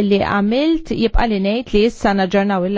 li għamilt jibqa li ngħid li issa naġġornaw il